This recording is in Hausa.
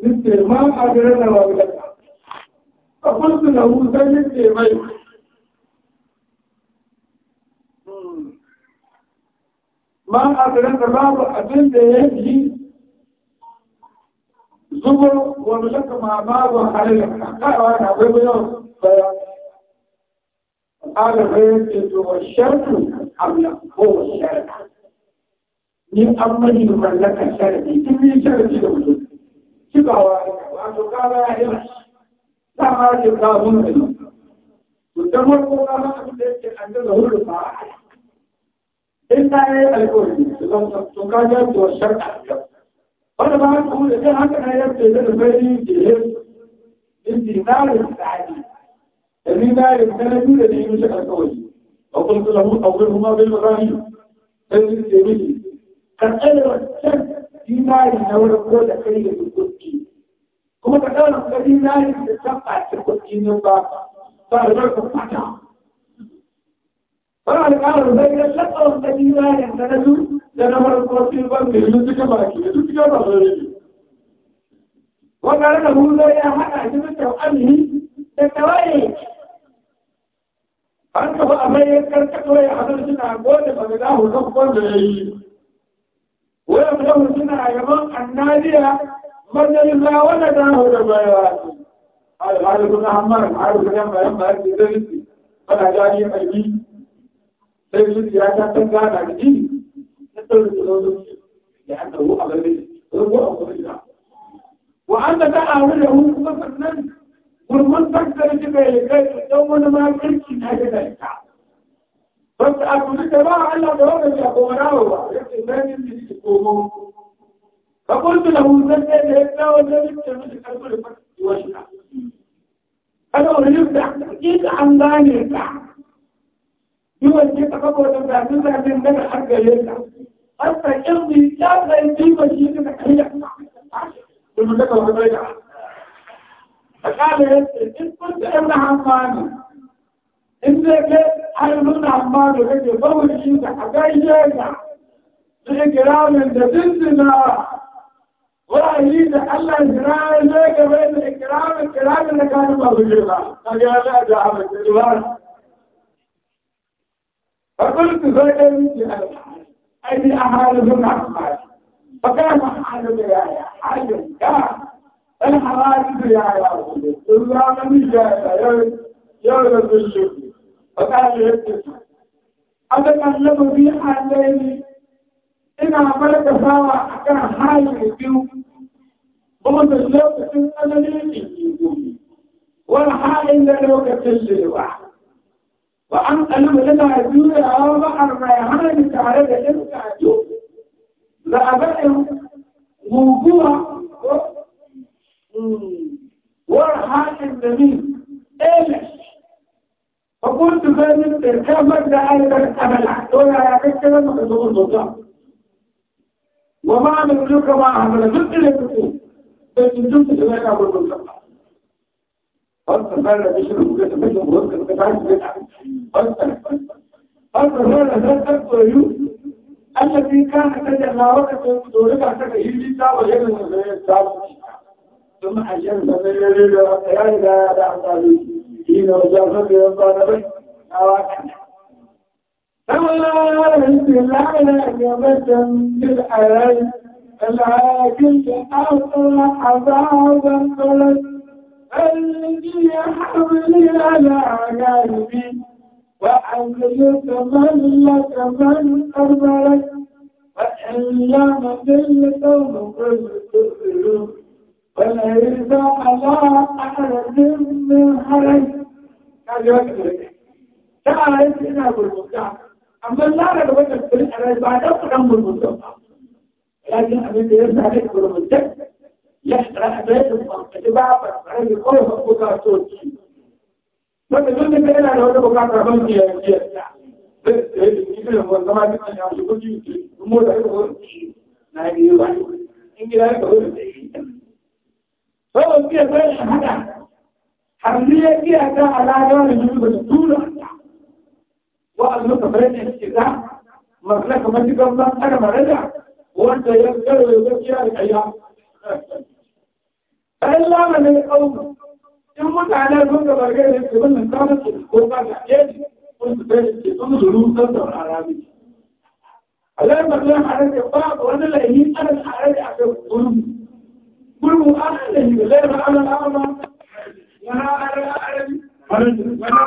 نتي ما أدرنا وابلك فقلت له ذلك بيت ما أدرنا باب أدن يجي زبر وملك مع باب وحليل قالوا أنا أبيب يوم قال غير الشرط حملة هو الشرط in an mai mallaka sharadi tun yi sharadi da mutum cikawa wato kama ya yi ta ma ce ka mun da nan to dan wani ka ma abin da yake an da hulu fa in ta yi alƙawari to zan to ka ga to sharadi wanda ba ku da kan haka na yadda da da bai da ya in dinarin sa'adi da dinarin sanadu da ne mishi alƙawari wa kullu lahu awwaluhuma bil marani sai da yake فالأجر والسن في مال نور القول خليل القدسي كما تقال الذي لا يتسقع في القدسي من باطا فأجرك فتح فقال قال بين الشقة الذي لا يتنزل لنور القدسي البنك يلزك باكي يلزك باكي وقال له لا يا حقا جبت وأمه تتوالي أنت فأمي يذكر تقوى يا حضرتنا أقول فقداه نقوى بأيه wayan lahu suna a gaban annadiya majalin la wanda ta hau da baya alhali kuna hamar ma'aru da yamma yamma ya ce zai rufe bana jari aiki sai rufe ya ta san gana da ji ta tsarki da zo da an tabo a gare ko a kuma ina wa an da ta aure da hu kuma sannan gurman sakta da kika yi kai don wani makirci na ya da ita Bata a tuni da ba Allah da wannan ya gona wa yake nan yin shi komo. Ka kuntu da hutun da ya kawo da yake miki karfi da fasi wa shi. Kada wani yin da hakika an gane ka. Yi wace ka kafa da zafin zafin daga har gare ka. Har ka kirbi ya zai jima shi ka kariya. Domin daga wani bai da. Ka kala yadda in kun da yan hamani. in zai ke an nuna amma da kake bawon shi ka a gaishe ka da ikiramin da dindina wa'ayi da Allah jira ya gaba da ikiramin ikiramin da kanu ba su je ba ka ga ya da abin da ba fa kuntu sai da miki ai bi ahalun amma fa kana ahalun ya ya ahalun ya الحوادث يا يا رسول الله من جاء يا يا رسول الله فقال يكتب أتكلم في حالين ina malaka sawa a kan halin biyu kuma da lokacin tsananin jiki wani halin da lokacin lewa ba an kalibu tana juyawa ba a mai hannun tare da yin kajo da a bayan guguwa wani halin da ni ɗaya فقلت فاهم كم مبدا ايضا ابلع تقول يا كتب ما تقول ضد وما نملك ما عمل ضد الكتب بس ضد الكتب ابو الضد أصلا فعلا بيشرب وكذا بيشرب وكذا بيشرب وكذا أصلا أصلا فعلا ذات أكبر الذي كان قد يغارك ويقولك أنك هيلي تاب غير المزيد تاب ثم أجل فمن يريد أن يريد أن يريد وجاوزت الطالبين فلا أنت العلا يومة بالحياة العاجل أطلع عذابا فلت الذي حملي على قلبي وأنزل تملك من أربلت وإلا مدل كون كل تسلم وليس على أحد من حرج يوكل أقول لك أنا أقول لك أنا أقول لك أنا أقول لك أنا أقول لك أنا أقول لك أنا أقول لك أنا أقول لك أنا أقول لك أنا أقول أقول أقول أقول أقول أقول أقول أقول أقول أقول أقول أقول أقول أقول أقول أقول أقول أقول لك لك لك لك لك لك لك لك لك لك لك لك لك لك لك لك لك لك أنا أنا أنا أنا أنا أنا أنا أنا أنا أنا أنا أنا أنا أنا أنا أنا أنا أنا أقول لك أنا أقول لك أنا أقول لك أنا أقول لك أنا أقول لك أنا أقول لك أنا أقول لك أنا hannu ya kiya ta alaƙa da yanzu ba ta tura wa a zuwa kamar yadda ya shiga masana kamar shi kan ban ana marada wanda ya karo ya gaskiya da kaya ɗan lamarin ƙaunar in mutane sun ga bargar da ke wannan kamar su ko ba ta ƙeji sun su kai ke sun zuru sun da arabi Allah ba zan arabi ba wani laifin ana arabi a kan gurbu gurbu ana laifin laifin ana arabi ولا على أعلم ولا